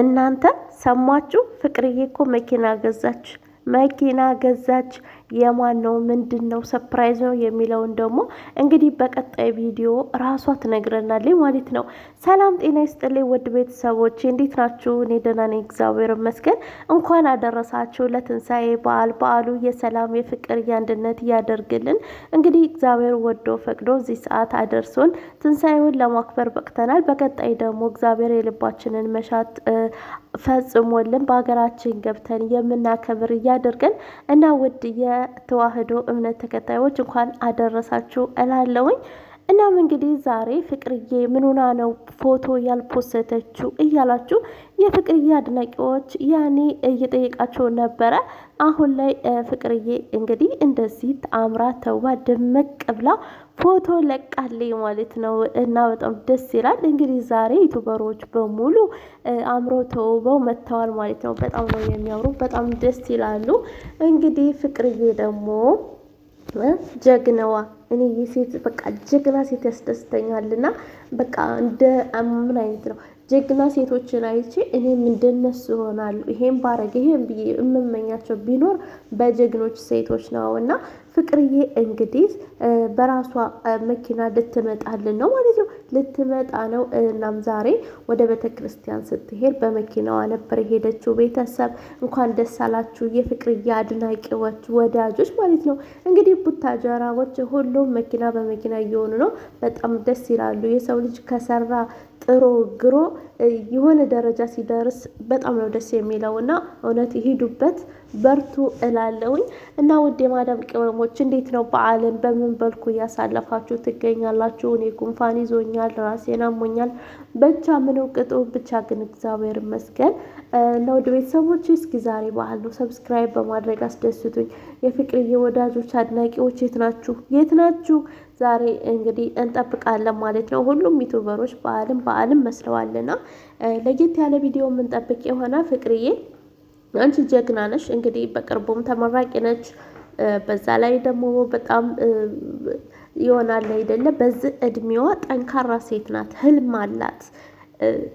እናንተ ሰማችሁ? ፍቅርዬ እኮ መኪና ገዛች፣ መኪና ገዛች። የማን ነው ምንድን ነው ሰፕራይዝ ነው የሚለውን ደግሞ እንግዲህ በቀጣይ ቪዲዮ ራሷ ትነግረናለች ማለት ነው። ሰላም ጤና ይስጥልኝ ውድ ቤተሰቦች እንዴት ናችሁ? እኔ ደህና ነኝ እግዚአብሔር ይመስገን። እንኳን አደረሳችሁ ለትንሣኤ በዓል። በዓሉ የሰላም የፍቅር የአንድነት እያደርግልን። እንግዲህ እግዚአብሔር ወዶ ፈቅዶ እዚህ ሰዓት አደርሶን ትንሣኤውን ለማክበር በቅተናል። በቀጣይ ደግሞ እግዚአብሔር የልባችንን መሻት ፈጽሞልን በሀገራችን ገብተን የምናከብር እያደርገን እና ውድ ተዋህዶ እምነት ተከታዮች እንኳን አደረሳችሁ እላለውኝ። እናም እንግዲህ ዛሬ ፍቅርዬ ምኑና ነው ፎቶ ያልፖሰተችው እያላችሁ የፍቅርዬ አድናቂዎች ያኔ እየጠየቃቸው ነበረ። አሁን ላይ ፍቅርዬ እንግዲህ እንደዚህ አምራ ተውባ ድምቅ ብላ ፎቶ ለቃሌ ማለት ነው እና በጣም ደስ ይላል። እንግዲህ ዛሬ ዩቱበሮች በሙሉ አምሮ ተውበው መጥተዋል ማለት ነው። በጣም ነው የሚያምሩ፣ በጣም ደስ ይላሉ። እንግዲህ ፍቅርዬ ደግሞ ጀግነዋ እኔ የሴት በቃ ጀግና ሴት ያስደስተኛልና በቃ እንደ ምን አይነት ነው ጀግና ሴቶችን አይቼ እኔም እንደነሱ ይሆናሉ ይሄም ባረግ ይሄም ብዬ የምመኛቸው ቢኖር በጀግኖች ሴቶች ነው። እና ፍቅርዬ እንግዲህ በራሷ መኪና ልትመጣልን ነው ማለት ነው። ልትመጣ ነው። እናም ዛሬ ወደ ቤተ ክርስቲያን ስትሄድ በመኪናዋ ነበር የሄደችው። ቤተሰብ እንኳን ደስ አላችሁ የፍቅርዬ አድናቂዎች ወዳጆች ማለት ነው። እንግዲህ ቡታጀራዎች ሁሉም መኪና በመኪና እየሆኑ ነው። በጣም ደስ ይላሉ። የሰው ልጅ ከሰራ ጥሮ ግሮ የሆነ ደረጃ ሲደርስ በጣም ነው ደስ የሚለው እና እውነት ይሂዱበት፣ በርቱ እላለውኝ እና ውድ የማዳም ቅመሞች እንዴት ነው በዓልን በምን በልኩ እያሳለፋችሁ ትገኛላችሁ? እኔ ጉንፋን ይዞኛል፣ ራሴን አሞኛል፣ ብቻ ምነው ቅጡ። ብቻ ግን እግዚአብሔር ይመስገን እና ውድ ቤተሰቦች እስኪ ዛሬ በዓል ነው፣ ሰብስክራይብ በማድረግ አስደስቱኝ። የፍቅርዬ ወዳጆች አድናቂዎች የት ናችሁ? የት ናችሁ? ዛሬ እንግዲህ እንጠብቃለን ማለት ነው። ሁሉም ዩቱበሮች በዓልም በዓልም መስለዋልና ለየት ያለ ቪዲዮ የምንጠብቅ የሆነ ፍቅርዬ አንቺ ጀግና ነሽ። እንግዲህ በቅርቡም ተመራቂ ነች። በዛ ላይ ደግሞ በጣም ይሆናል አይደለ? በዚህ እድሜዋ ጠንካራ ሴት ናት፣ ህልም አላት።